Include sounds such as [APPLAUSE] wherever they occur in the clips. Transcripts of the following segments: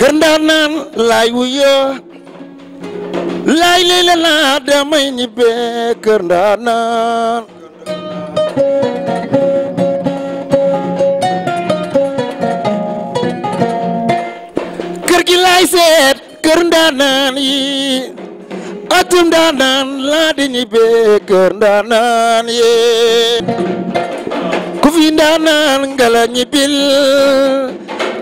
kër ndaanaan laay wuyoo laay lii la naa damay ñibbee kër ndaanaan kër gi laay seet kër ndaanaan yi atum ndaanaan laa di ñibbee kër ndaanaan yi ku fi ndaanaan ngala ñibbil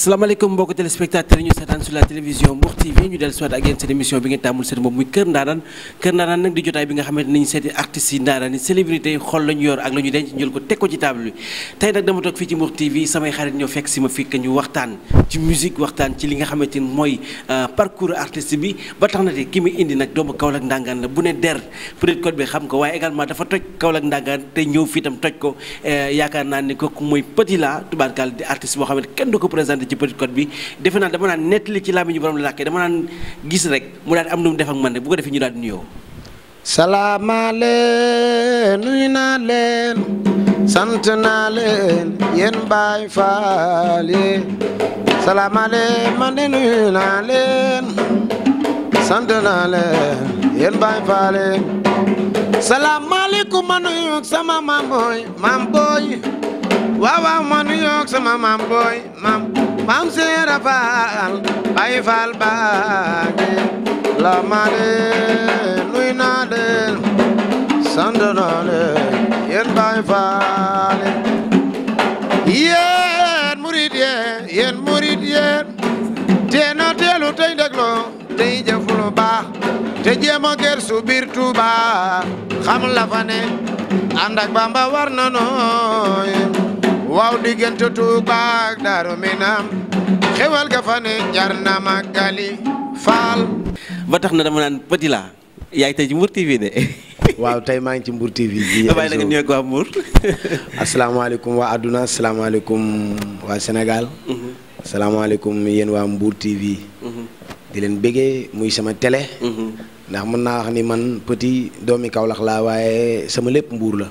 salaamaaleykum mbokki téléspectateurs yi ñu seetaan sur la télévision Mbour TV ñu dellu siwaat ak yéen seen émission bi ngeen tàmmul seen moom muy Kër Ndaanaan Kër Ndaanaan nag di jotaay bi nga xamante ni ñu seeti artistes yi ndaanaan yi célébrité xol la ñu yor ak la denc jël ko teg ko ci table bi tey nag dama toog fii ci Mbour TV samay xarit ñoo fekk si ma fii que ñu waxtaan ci musique waxtaan ci li nga xamante ni mooy euh, parcours artiste bi ba tax na te indi nag doomu Kaolack ndàngaan la bu ne der peut être code bi xam ko waaye également dafa toj Kaolack ndàngaan te ñëw fii itam toj ko euh, yaakaar naa ne kooku mooy Petit La tubaarkaal di artiste ci Petite Côte bi defe naa dama naan nettali ci làmmiñu ko de nuyu naa leen sant naa leen yéen sama maam booy maam booy waaw waaw ma sama maam booy maam. maam seera faal bay faal baage la maale nuy naa leen sant naa leen bay faal yéen murid yéen yéen murid yéen teena teelu tey déglu tey jëf lu baax te jéem a gëstu Tuuba xam la fa ne ànd ak war na nooy waaw diggante Tuuba ak Daaru Minam xewal ga fa ne faal ba tax na dama naan petit la yaay tey ci Mbour TV de waaw tey maa ngi ci Mbour TV bi bàyyi la nga nuyoog asalaamaaleykum waa àdduna asalaamaaleykum waa Sénégal mhm. asalaamaaleykum yéen waa Mbour mhm. di leen bëggee muy sama télé mhm. ndax mën naa wax ni man pëti doomi Kaolack laa waaye sama lépp Mbour la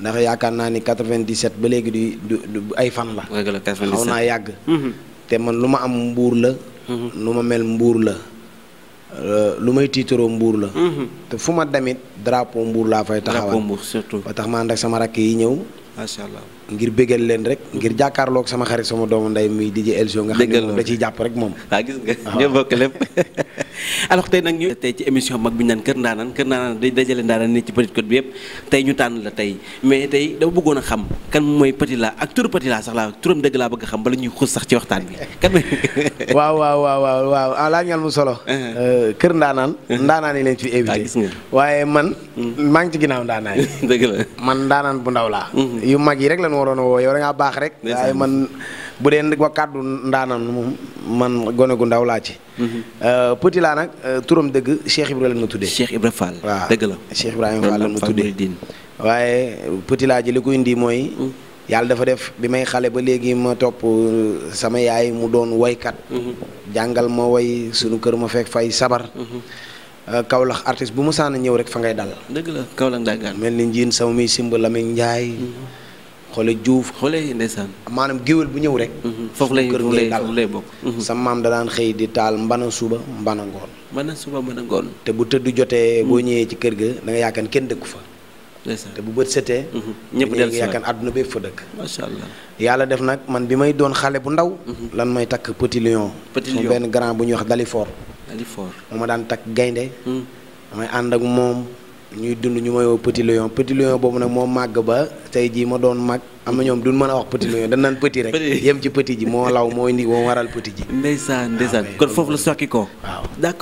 ndax yaakaar naa ni 97 ba léegi du ay fan la. xaw naa yàgg. Mhm. te man lu ma am mbuur la. Mhm. lu ma mel mbuur la. Euh, lu may tiitaroo mbuur la. Mhm. te fu ma demit drapeau mbuur laa fay taxawal. drapeau surtout ba tax ma ànd sama rakk yi ñëw. macha ngir bégal leen rek ngir jàkkaarloog sama xarit sama doomu nday muy DJ Elzo nga xam ne moom da ciy jàpp rek moom waaw ah, gis nga ñoo ah. bokk lépp [LAUGHS] alors tey nag ñu tey ci émission mag bi ñu naan kër ndaanaan kër ndaanaan day dajale ndaanaan ni ci Petite Côte bi yëpp tey ñu tànn la tey mais tey dama bëggoon a xam kan mooy Petit La ak turu Petit La sax la turam dëgg laa bëgg a xam bala ñuy xuus sax ci waxtaan bi kan [LAUGHS] waaw waaw waaw waaw waaw ah laa ñal mu solo uh-huh. euh, kër ndaanaan uh-huh. ndaanaan yi leen ci invité ah, gis nga waaye man hmm. maa ngi ci ginnaaw ndaanaan yi [LAUGHS] dëgg la man ndaanaan bu ndaw laa hmm. yu mag yi rek la ma doon woo yow da ngaa baax rek. waaye man bu dee wa kàddu ndaanaan man gone gu ndaw laa ci. Mhm. Euh, petit laa nag euh, turam dëgg Cheikh Ibrahima la ma tuddee. Cheikh Ibrahima Fall dëgg la waaw Cheikh Ibrahima Fall la waaye Petit laa ji ko indi mooy. Mhm. yàlla dafa def bi may xale ba léegi ma topp euh, sama yaay mu doon woykat. Mhm. jàngal ma woy sunu kër ma fekk fay sabar. Kaolack artiste bu ma saan ñëw rek fa ngay dal. mel ni njiin sama muy simb Lamine Ndiaye. xoole juuf xoole ndeysaan maanaam géwél bu ñëw rek mhm. foofu lay foofu lay foofu lay bokk mhm. sa maam da daan xëy di taal mbana suba mbana ngoon mbana suba mbana ngoon te bu tëdd jotee mhm. boo ñëwee ci kër ga da nga yaakaar kenn dëkku fa te bu bët setee ñëpp del yaakaar àdduna bépp fa dëkk macha allah yàlla def nag man bi may doon xale bu ndaw lan may takk petit lion petit lion benn grand bu ñu wax dalifoor dalifoor moo ma daan takk gaynde damay ànd ak moom ñuy dund ñu may woo petit lion petit lion boobu nag moo màgg ba tey jii ma doon mag am na ñoom duñ mën a wax petit lion dañ naan petit rek. yem ci petit ji moo law moo indi moo waral petit ji. ndeysaan ah, ndeysaan kon foofu la sokki ko. waaw d'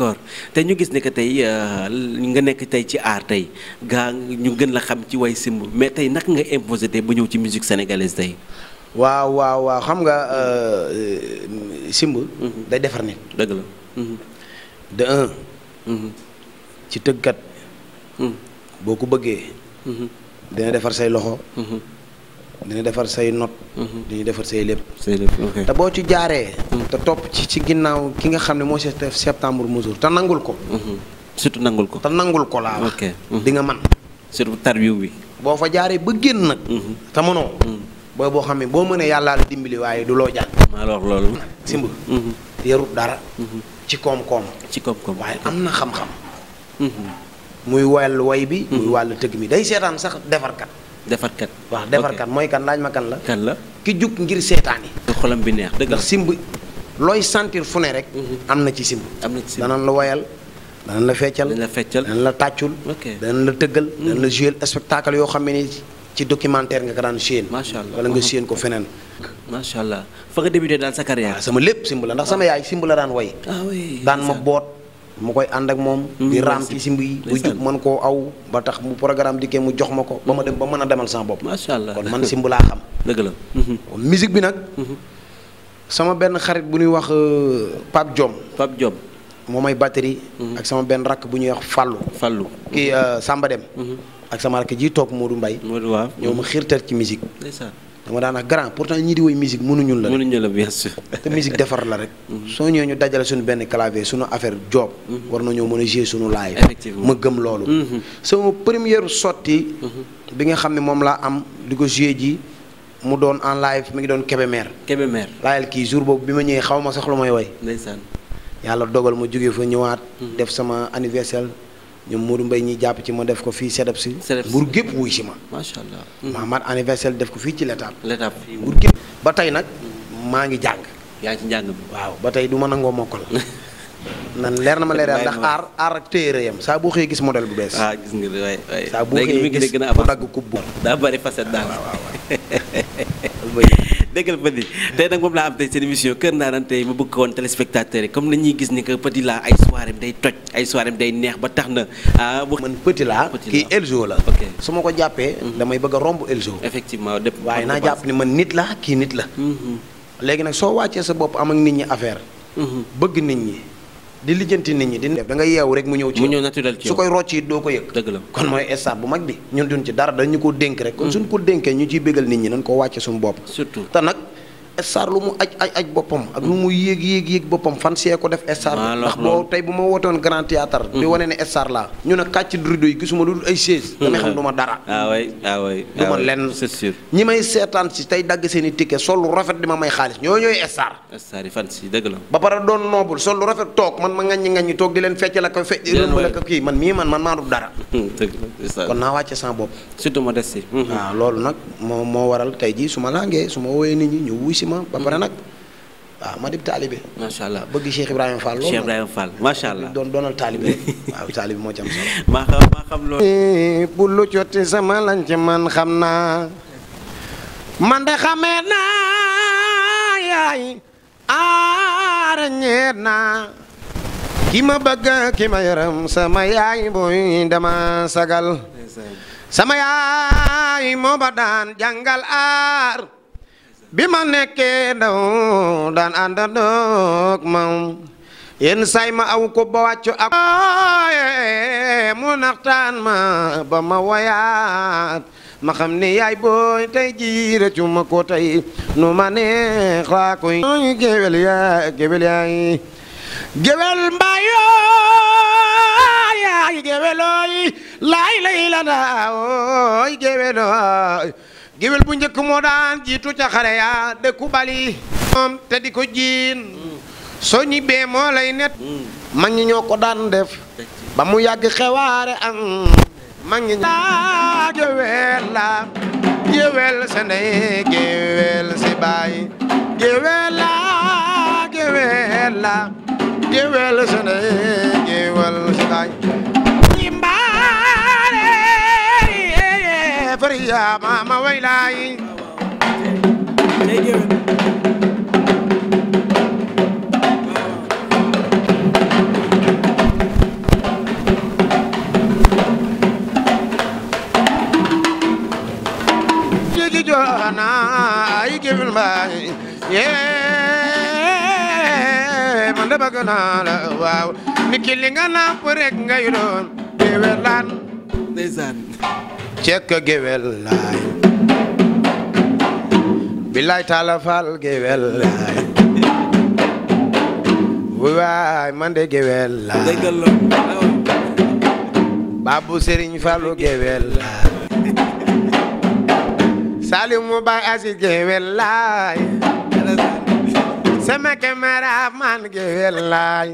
te ñu gis ne que tey euh, nga nekk tey ci aar tey gaa ñu gën la xam ci way simb mais tey naka nga imposé tey ba ñëw ci musique sénégalaise tey. waaw waaw waaw xam nga euh, simb. Mhm. day defar nit. dëgg la. Mhm. de un. Mhm. ci tëggkat. boo ko bëggee dina defar say loxo dina defar say not dina defar say lépp say te boo ci jaaree te topp ci ci ginnaaw ki nga xam ne moo def septembre mesure te nangul ko surtout nangul ko te nangul ko laa wax di nga man surtout tarbiw bi boo fa jaaree ba génn nag mhm. te mënoo booy boo xam ne boo mënee yàllaa la dimbali waaye du loo jàng maa la loolu simb mhm. yarut dara mhm. ci koom ci koom-koom waaye am na xam-xam muy wàllu way bi. muy mhm. wàllu tëgg mi day seetaan sax defarkat. defarkat waaw defarkat mooy kan laaj ma kan la. ki jug ngir seetaan yi. bi neex dëgg ndax simb looy sentir fu ne rek. Mhm. am na ci simb. am na ci simb danañ la woyal danañ la feccal danañ la feccal la tàccul. danañ la tëggal. Mhm. danañ la jouer spectacle yoo xam ne ci documentaire nga ko daan séen. macha allah wala nga séen ko feneen. macha allah fa nga débuté sama lépp simb la ndax sama yaay simb la daan woy ah daan ma boot. mu koy and ak mom di wujud mm-hmm. ci simbi bu juk man ko aw ba tax mu programme diké mu jox mako bama dem ba meuna demal sama bop machallah allah kon man simbu [LAUGHS] la xam deug la musique bi nak mm-hmm. sama ben xarit bu ñuy wax pap jom pap jom moo may batterie mm-hmm. ak sama ben rak bu ñuy wax fallu fallu ki euh, Samba Dem ak sama rak ji toog Modou mbay Modou wa ñoom xirtal ci musique dama daana grand pourtant ñi di woy musique mënuñu la. mënuñu la [LAUGHS] defar la rek. Mhm. soo ñëwee ñu dajale suñu benn clavier suñu affaire job mhm. war nañoo mën a jouer suñu live. effectivement ma gëm loolu. Mhm. soo première sortie bi nga xam ne moom laa am di ko jouer ji mu doon en live mi ngi doon Kébémer. Kébémer laajal kii jour boobu bi ma ñëwee xaw ma sax lu may woy. yàlla dogal ma jógee fa ñëwaat. def sama anniversaire. ñoom Modou mbay ñi jàpp ci ma def ko fii sedab si mbur gépp wuy si ma macha allah Mahamad anniversaire def ko fii ci l'étape l'étape mbur gépp ba tey nag maa ngi jàng yaa ci njàng bi waaw ba tey du ma nangoo mokkal [LAUGHS] nan leer na ma leeral ndax aar aar ak téere yam saa boo xëyee gis modèle bu bees ah gis nga waay waay saa boo xëyee gis mu dagg kub bu daa bari facette daal [LAUGHS] déggal Petit tey nag moom laa am tey seen émission Kër Ndanaan tey ma bëgg ko woon téléspectateurs yi comme nañuy gis ni que Petit ay soirée day toj ay soirée day neex ba tax na ah. man Petit Lâ kii Elzo la. su ma ko jàppee. Mhm. damay bëgg a romb Elzo. effectivement dëpp waaye naa jàpp ni man nit la kii nit la. Mhm. léegi nag soo wàccee sa bopp am ak nit ñi affaire. Mhm. bëgg nit ñi. di lijjanti nit ñi di def da nga yeewu rek mu ñëw ci mu ñëw su koy rocc doo ko yëg dëgg la kon mooy stade bu mag bi ñun duñ ci dara dañu ko dénk rek kon mm. suñ ko dénkee ñu ci bégal nit ñi nañ ko wàcce suñu bopp surtout te nag star lu mu aj aj aj bopom, ak lu mu yeg yeg yeg boppam fan sé ko def essar ndax bo tay buma woton grand théâtre di mm-hmm. woné né star la ñu na katch du yi gisuma lu dul ay chaise mm-hmm. damay xam duma dara ah way ah way duma ah len c'est sûr ñi may sétane si tay dag seen ticket sol lu rafet dima may xaliss ñoy ñoy star star yi fan ci deug la ba para don noble sol lu rafet tok man ma ngagn ngagn tok di len fecc la ko fecc la ko ki man mi man man ma du dara mm-hmm, kon na wacce sa bop surtout ma dessi ah lolu nak mo waral tay ji suma langé suma su nit ñi ñu wuy ma ba mm-hmm. ma dib taalibe macha allah bëgg Cheikh Ibrahima Fall Cheikh Ibrahima taalibe [LAUGHS] taalibe moo ci am solo maa xam maa cotti eh, sama lañ man xam naa man de xamee naa yaay arañeet naa ki ma bëgg ki yaram sama yaay booy dama sagal sama yaay moo ba daan aar bi ma nekkee ndaw daan àndandoog moom yenn say ma aw ko ba wàccu ak mu naxtaan ma ba ma woyaat ma xam ni yaay booy tey jii rëccu ma ko tey nu ma neex laa koy géwél yaay géwél yaay géwél mbaayoo lay la ndaawooy géwélooy géwél bu njëkk moo daan jiitu ca xare yaa dëkku bali moom te di ko jiin soo ñibbee moo lay net mag ñi ñoo ko daan def ba mu yàgg xewaare am mag géwél la géwél sa géwél si baay géwél la géwél la géwél sa géwél si baay yaa maama way laay yee man da bëgg naa la waaw ni ki li nga nàmp rek ngay doon déwélaan ndeysaan cekk géwél laay billaay taala faal géwél laay waay man de géwél laay baabu sëriñ faalu géwél laay salim mu baay asi géwél laay sama caméra man géwél laay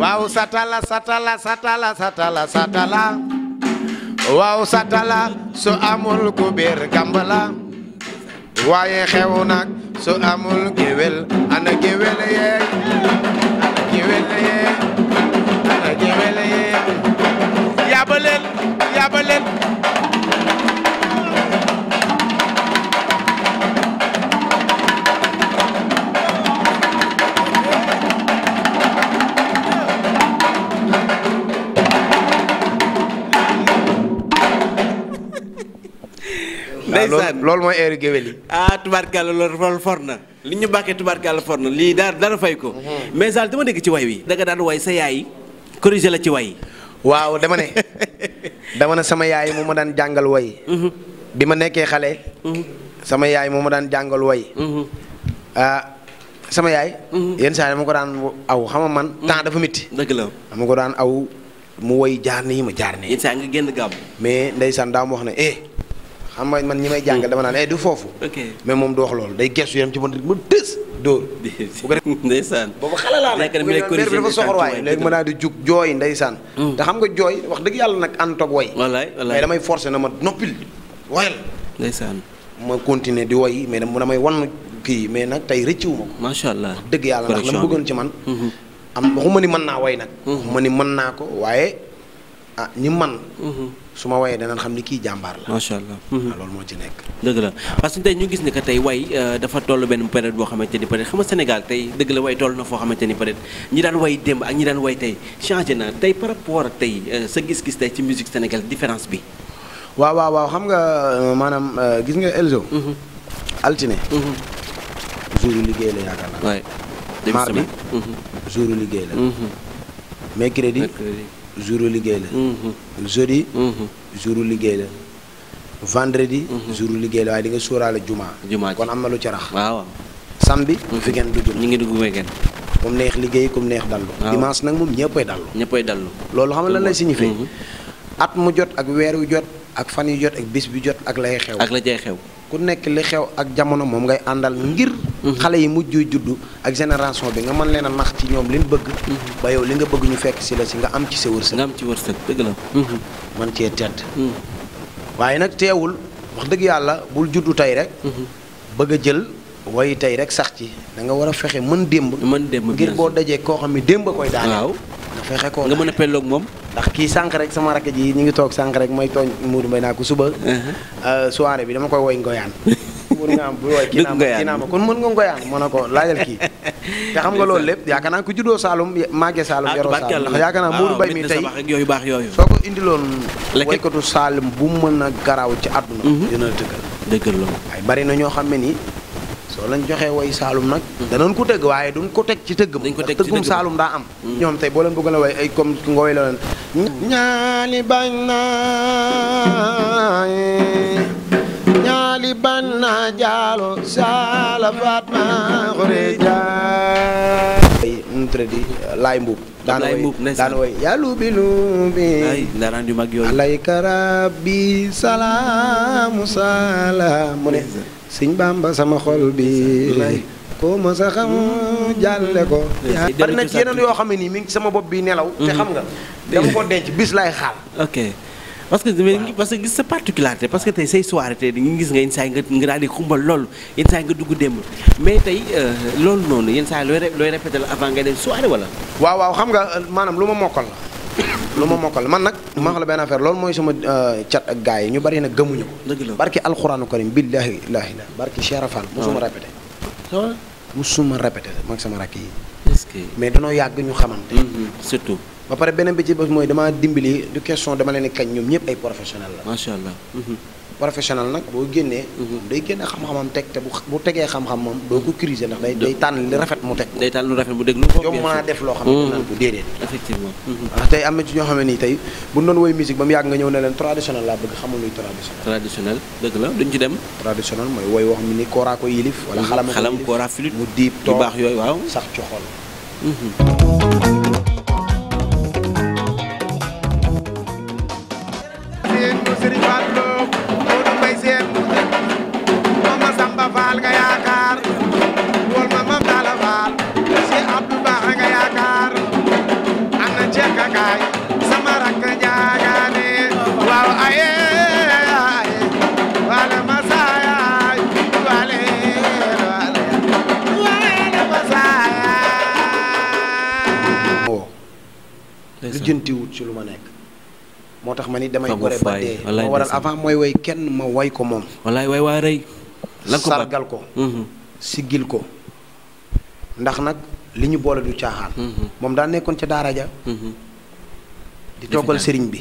waaw satala satala satala satala satala waaw satala su amul ku biir kambala waaye xew nag su amul géwél ana géwél yeeg ana géwél yeeg ana géwél yeeg yabaleen ndeysaan loolu mooy eeru géwél yi ah tubaarkàlla loolu for na li ñu bàkkee tubaarkàlla for na lii daal dara fay ko mhm. mais daal dama dégg ci way wi da daan way sa yaay corrigé la ci way waaw dama ne [LAUGHS] dama ne sama yaay moo ma daan jàngal way mhm. bi ma nekkee xale mhm. sama yaay moo ma daan jàngal way ah yaay yenn saa yi ko daan aw xama man temps dafa métti dëgg ko daan aw mu woy jaar nii ma jaar nii yenn saa nga génn gàmm mais ndeysaan daa ma wax ne eh am nga man ñi may jàngal dama naan ay eh, du foofu. mais moom du wax loolu day gestu yam ci mën mu tës dóor. [LAUGHS] ndeysaan boobu xale laa nag léegi dafa soxor jug jooy ndeysaan mm. xam nga jooy wax dëgg yàlla nag ànd toog way wallaay wallaay mais damay forcé na ma noppil wayal ndeysaan ma continuer di woy mais damay wan kii mais nag tey rëcciwu ma ko macha allah wax dëgg yàlla ndax la mu bëggoon ci man mm-hmm. am waxuma ni man naa way nag mm-hmm. ma ni man naa ko waaye ah ñi man mm-hmm. su ma wayee danañ xam ni kii jàmbaar la. macha allah ah, mhm. loolu moo ci nekk. dëgg la parce que tey ñu gis ne que tey way euh, dafa toll benn période boo xamante ni peut être Sénégal tey dëgg la way toll na foo xamante ni peut être ñi daan tey na tey par rapport ak tey euh, sa gis-gis tey ci musique Sénégal différence bi. waaw waaw waaw xam nga euh, maanaam gis nga Elzo. Mhm. altine. Mhm. jour yu liggéey la yaakaar naa. waay mardi jour yu liggéey la. mercredi. jouru liggéey la mhm. jeudi mhm. jouru liggéey la vendredi mhm. jouru liggéey la waaye di nga sóoraale jumaa juma kon am na lu ci rax mu fi weekend du jëm ñu ngi dugg weekend comme neex liggéey comme neex dallu dimanche nag moom ñëppay dallu ñëppay dallu loolu xam nga lan lay signifié at mu jot ak weer wu jot ak fan yu jot ak bis bi jot ak lay xew ak la cay xew ku nekk li xew ak jamono moom ngay àndal ngir. Mhm. xale yi mujj juddu ak génération bi nga mën leen a nax ci ñoom li bëgg. Mhm. ba yow li nga bëgg ñu fekk si la si nga am ci sa wërsëg. nga am ci wërsëg dëgg la. Mhm. man cee tedd. waaye nag teewul wax dëgg yàlla bul juddu tey rek. bëgg a jël. way tey rek sax ci da nga war a fexe mën démb. mën démb ngir boo dajee koo xam ne démb a koy daane. fexe koo nga mën a pelloog moom ndax kii sànq rek sama rakk ji ñu ngi toog sànq rek may tooñ Modou Mbaye naa ko suba uh-huh. euh, soirée bi dama koy woy ngoyaan [LAUGHS] mën nga am bu woy kii naa ma kon mën nga ngoyaan mën na ko laajal kii [LAUGHS] te xam nga loolu lépp yaakaar naa ku juddoo Saalum màggee Saalum ah, yaroo Saalum ndax yaakaar naa Modou Mbaye mi tey yooyu baax yooyu soo ko indiloon woykatu Saalum bu mën a garaaw ci àdduna mhm. dina la dëggal dëggal loolu bari na ñoo xam ne nii soo lañ joxee way saalum nag danañ ko tëgg waaye duñ ko teg ci tëgg ma tëggum saalum daa am mm. ñoom tey boo leen bëgg a way ay comme nga way la leen ñaali bañ naa jaalo saala faat ma xore laay mbuub daanaka way daanaka way yàlla ndaraan yu mag yooyu. alayka rabbi salaamu salaam mu ne. sëñ Bamba sama xol bi nay koo mos a xam jàlle ko bari na ci yeneen yoo xam ne nii mi ngi sama bopp bi nelaw te xam nga mm-hmm. dama ko denc bis lay xaal ok parce parce que gis sa particularité parce que tey say soirée tey dañuy gis nga yenn saa yi nga nga daal di xumbal loolu yenn saa yi nga dugg démb mais tey euh, loolu noonu yenn saa yi looy looy répété la avant ngay dem soirée wala waaw waaw xam nga euh, maanaam lu ma mokkal la lu ma mokkal man nag ma la benn affaire loolu mooy sama euh, cat ak gars yi ñu bari na gëmuñu ko dëgg la barki alxuraanu karim billahi laahi la barki cherafan ah. musuma répété musuma répété mag sama rakk yi mais danoo yàgg ñu xamante mm-hmm, surtout ba pare beneen bi ci bés mooy dama dimbali du question dama leen kañ ñoom ñëpp ay professionnel la professionnel nag boo génnee. Mhm. day génne xam-xamam teg te bu bu tegee xam-xam moom doo ko crisé ndax day tànn li rafet mu teg. day tànn lu rafet mu déglu ko. yow mën a def loo xam ne naan mhm. ko déedéet. effectivement. ndax mhm. tey am na ci ñoo xam ne nii tey bu ñu doon woy musique ba mu yàgg nga ñëw ne leen traditionnel laa bëgg xamul luy traditionnel. traditionnel dëgg la duñ ci dem. traditionnel mooy woy wax mi ni kooraa yilif. wala xalam ko yilif mu diib toog yooyu waaw sax ci lijjantiwut ci lu ma nekk moo tax ma ni damay gore ba dee moo waral avant mooy woy kenn ma woy ko moom wallaay waay waa rëy lan ko sargal ko mm-hmm. siggil ko ndax nag li ñu boole du caaxaan mm-hmm. moom daa nekkoon ca daara ja mm-hmm. di toggal sëriñ bi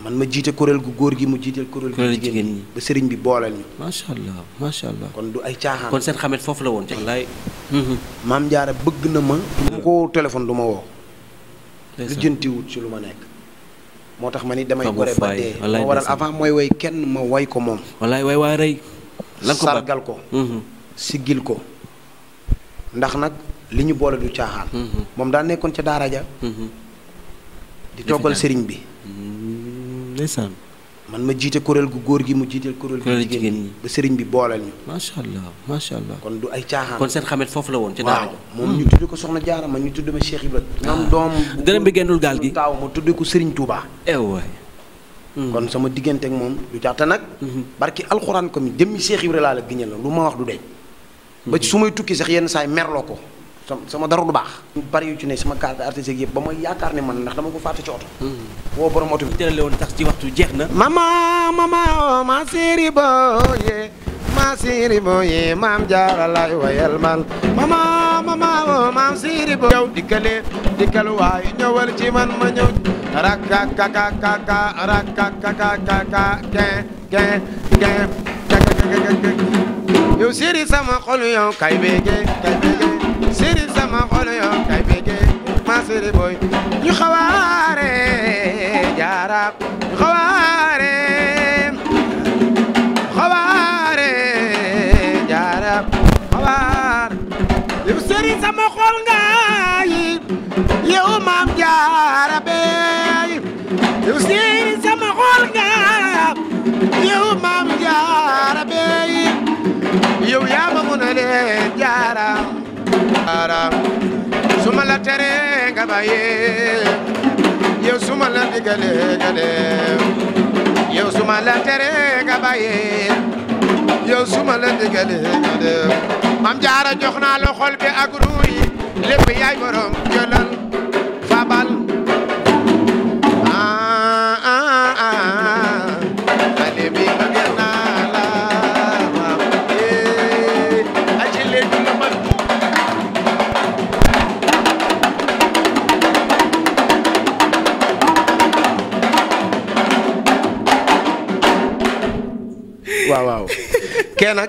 man ma jiite kuréel gu góor gi mu jiiteel kuréel gu jigéen ñi ba sëriñ bi booleel ñu macha allah macha allah kon du ay caaxaan kon seen xamet foofu la woon wallaay mm-hmm. maam jaara bëgg na ma mu ko téléphone du ma woo lijjantiwut ci lu ma nekk moo tax ma ni damay gore ba dee moo waral avant mooy woy kenn ma woy ko moom wallaay waay waay rey lan ko sargal ko mm-hmm. siggil ko ndax nag li ñu boole du caaxaan mm-hmm. moom daa nekkoon ca daara ja di toggal sëriñ bi ndeysaan man ma jiite kuréel gu góor gi mu jiite kuréel gu jigéen ñi ba sëriñ bi booleel ñu macha allah macha allah kon du ay caaxaan kon seen xamet foofu la woon ci daara moom hmm. ñu tudd ko soxna jaara man ñu tudd ma Cheikh Ibra ñoom ah. doom dërëm bi gendul gaal gi taaw ma tudd ko sëriñ Touba ew eh hmm. kon sama diggante moom du tax nag hmm. barki alxuraan ko mi jëmmi Cheikh Ibra laa la giñal la lu ma wax du de ba su may tukki sax yenn saay merloo ko sama dara du baax bari yu ci ne sama carte artiste yëpp ba ma yaakaar ne man ndax dama ko fàtte ci auto hmm. wo borom auto bi tërale tax ci waxtu jeexna mama mama oh, ma séri boye ma séri boye mam jaara lay wayal man mama mama oh, ma séri boye yow dikkale dikkal way ñewal ci man ma ke ke ke ke ke ke yow séri sama xol yow kay bege kay bege sama xol yow kay bégee ma sëri boy ñu xawaare jaaraak ñu xawaare xawaare jaaraak xawaar yow sëri sama xol nga yi yow maam jaara bey yow sëri sama xol nga yow maam jaara bey yow yaa ma mën a leen jaara baara suma la tere nga bàyyi yow suma la digale nga dem yow suma la tere nga bàyyi yow suma la digale nga dem Maam Jaara jox naa la bi ak ruuy lépp yaay borom jëlal fabal kee nag.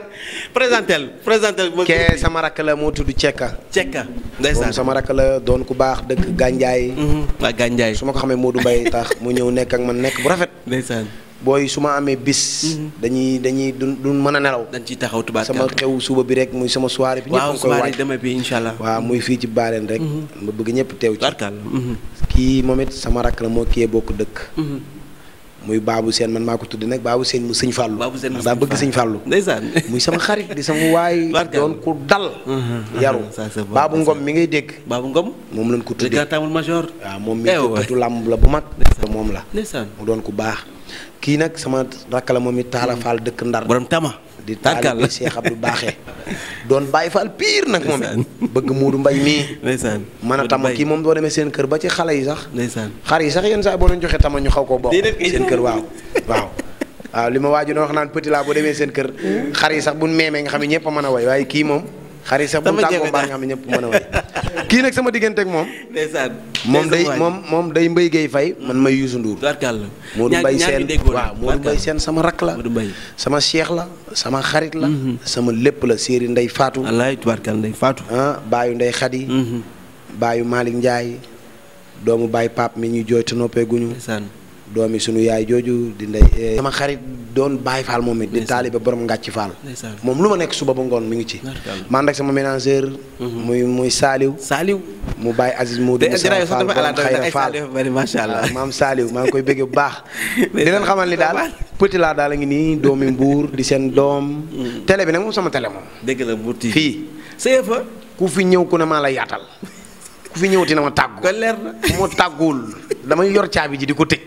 présentel présentel kee sama rakk la moo tudd Cekka. Cekka ndeysaan sama rakk la doon ku baax dëkk Gandiaye. Mhm, waa Gandiaye su ma ko xamee Modou Mbaye tax mu ñëw nekk ak man nekk bu rafet. ndeysaan booy su ma amee bis. Mhm. dañuy dañuy du duñ mën a nelaw. dañ ciy taxaw tubaab sama xew suba bi rek muy sama soirée. bi ñëpp koy waaj deme bi incha allah. waaw muy fii ci baareen rek. Mhm. ma bëgg ñëpp teew ci. kii moom it sama rakk la moo kii bokk dëkk. muy baabu seen man maa ko tudd nag baabu seen mu sëñ fàllu daa bëgg sëñ fàllu muy sama xarit di sama waay [LAUGHS] doon ku dal uh-huh. yaru baabu ngom mi ngay dégg baabu ngom moom lañ ko tuddee tamul major waaw moom mi eh tudd la bu mag moom la mu doon ku baax kii nag sama rakk la moom it taala hmm. faal dëkk ndar borom tama di taalibe Cheikh Abdou Baaxe doon bàyyi Fall pire nag moom it bëgg Moodu Mbaye nii ndeysaan mën a tam kii moom doo demee seen kër ba ci xale yi sax ndeysaan xar yi sax yenn saa boo leen joxee tama ñu xaw koo bokk seen kër waaw waaw waaw li ma waaju na wax naan petit laa boo demee seen kër hmm? xar yi sax bu meemee nga xam ne ñëpp a mën a way waaye kii moom xar yi sax bu tàggoo baax nga xam ne ñëpp mën a way [LAUGHS] kii nag sama diggante ak moom. moom day moom moom day Mbaye Gueye Faye man may Youssou Ndour. moo Modou Mbaye seen seen sama rak la. sama cheikh la sama xarit la. Mhm. sama lépp la séeri Ndeye faatu wallaay tubarkàlla Ndeye Fatou. ah Bayu Ndeye Khady. Mhm. Bayu Malick Ndiaye doomu Baye Pape mi ñu jooytu noppeeguñu. doomi sunu yaay jooju di ndey eh, sama xarit doon bàyyi Fall moom it di taalibe borom ngàcc Fall moom lu ma nekk suba ba ngoon mu ngi ci man rek sama ménageur mhm. muy muy saaliw mu saaliw mu Baye Aziz mu di ah, maam saaliw maa ngi koy bëggee bu baax [LAUGHS] di leen xamal ni daal [LAUGHS] petit laa daal a ngi nii doomi mbuur di seen doom mm. télé bi nag moom sama télé moom dëgg la mbuur fii ku fi ñëw ku ne maa la yaatal ku fi ñëwati na ma tàggu. kon leer na moo tàgguwul damay yor caabi ji di ko tëj.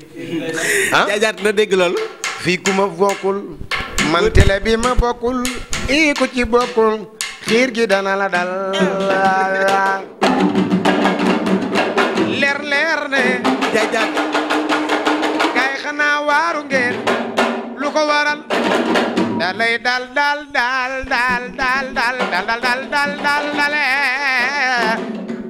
ah jaajaat na dégg loolu. fii ku ma bokkul. man télé bi ma bokkul. ii ku ci bokkul. xiir gi dana la dal. leer leer ne. jaajaat. kay xanaa waaru ngeen. lu ko waral. dalay dal dal dal dal dal dal dal dal dal dal dal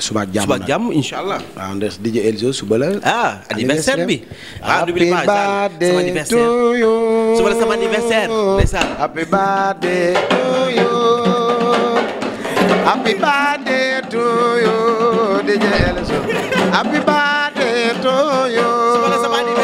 suba jam, suba jam inshallah ah, waaw DJ Elzo suba la. ah anniversaire bi. happy birthday ah, to you suba la sama anniversaire ndeysaan. happy birthday to you happy birthday to you DJ Elzo happy birthday to you. suba la sama anniversaire.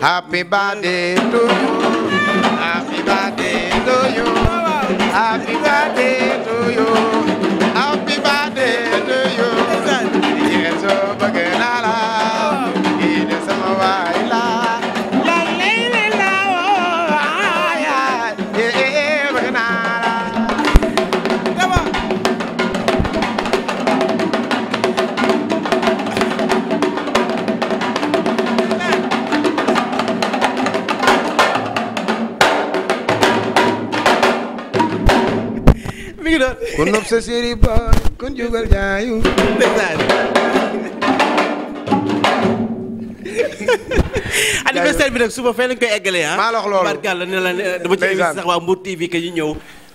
Happy birthday to you. Happy birthday to you. Happy birthday. nopp sa séeri boy kon jógal jaayu bi nag suba fee lañ koy eggalee ah. maa la wax loolu ne la eh, dama ci sax waa Mbour TV que ñu ñëw.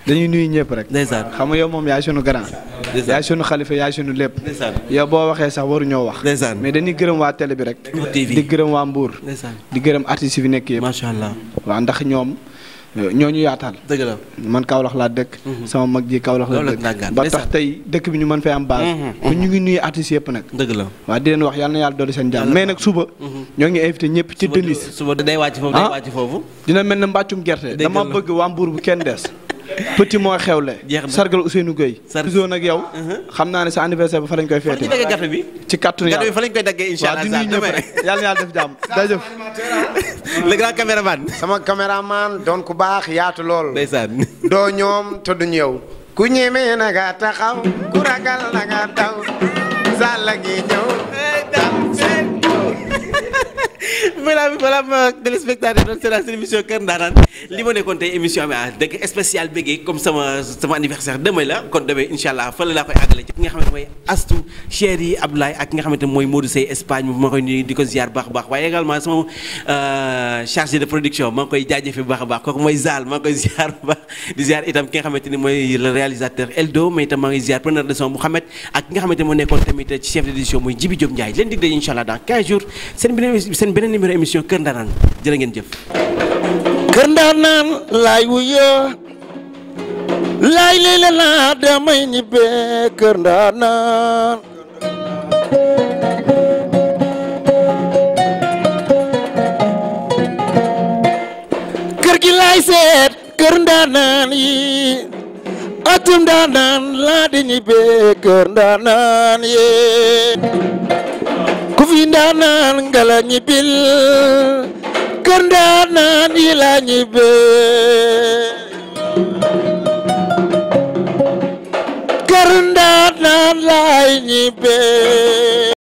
dañuy nuyu ñëpp rek. ndeysaan xam nga yow moom yaay sunu grand. ndeysaan yaay sunu xalifa yaay sunu lépp. ndeysaan yow boo waxee sax waru ñoo wax. ndeysaan mais dañuy gërëm waa télé bi rek. Mbour di gërëm waa mbuur ndeysaan di gërëm artistes yi fi nekk yëpp. macha allah waaw ndax ñoom. ñooñu yaatal. dëgg la man Kaolack dëkk. Mhm. sama mag ji Kaolack la dëkk ba tax tey dëkk bi ñu mën fay am base. kon mhm, mhm. ñu ngi nuyu artistes yëpp nag. dëgg di leen wax yal na yàlla dolli seen jàmm mais nag suba. ñoo ngi invité ñëpp ci Denis. suba day wàcc foofu day ah. wàcc foofu. dina mel ne mbàccum gerte. dama bëgg waa bu kenn des. [LAUGHS] petit moo xewle. jeex na sargal Ousseynou Gueye. sargal nag uh-huh. xam naa ne sa anniversaire ba fa lañ koy feete. ci daggee gàtt bi ci kàttanu yàlla gàtt bi fa lañ [LAUGHS] sama caméraman doon ku baax yaatu lool. ndeysaan doo ñoom te duñ yow. ku ñeme na nga taxaw ku ragal na nga taw sàll gi ñëw. [LAUGHS] voilà voilà ma téléspectateur doon seetaan seen émission Kër Ndanaan. li ma nekkoon tey émission bi ah dëgg spécial béggee comme sama sama anniversaire demee la kon demee incha allah fële laa koy àggale ci ki nga xamante mooy Astou Cheikh yi Abdoulaye ak ki nga xamante mooy Modou Sey Espagne ma koy nuyu di ko ziar baax a baax waaye également sama euh, chargé de production maa ngi koy jaajëfe bu baax a baax kooku mooy Zal maa ngi koy [LAUGHS] ziar ba di ziar itam ki nga xamante ni mooy le réalisateur Eldo mais itam maa ngi ziar preneur de son Mouhamed ak ki nga xamante moo nekkoon tamit ci chef d'édition mooy Djibi Diop Ndiaye leen dig daje incha allah dans 15 jours seen beneen seen beneen numéro émission Kër Ndanaan jërë ngeen jëf kër ndaanaan laay wuyoo laay leela naa damay ñibbee kër ndaanaan kër gi laay seet kër ndaanaan yi atum ndaanaan laa di ñibbee kër ndaanaan yee ku fi ndaanaan ngala ñibbil kër ndaanaan yi laa ñibbee kër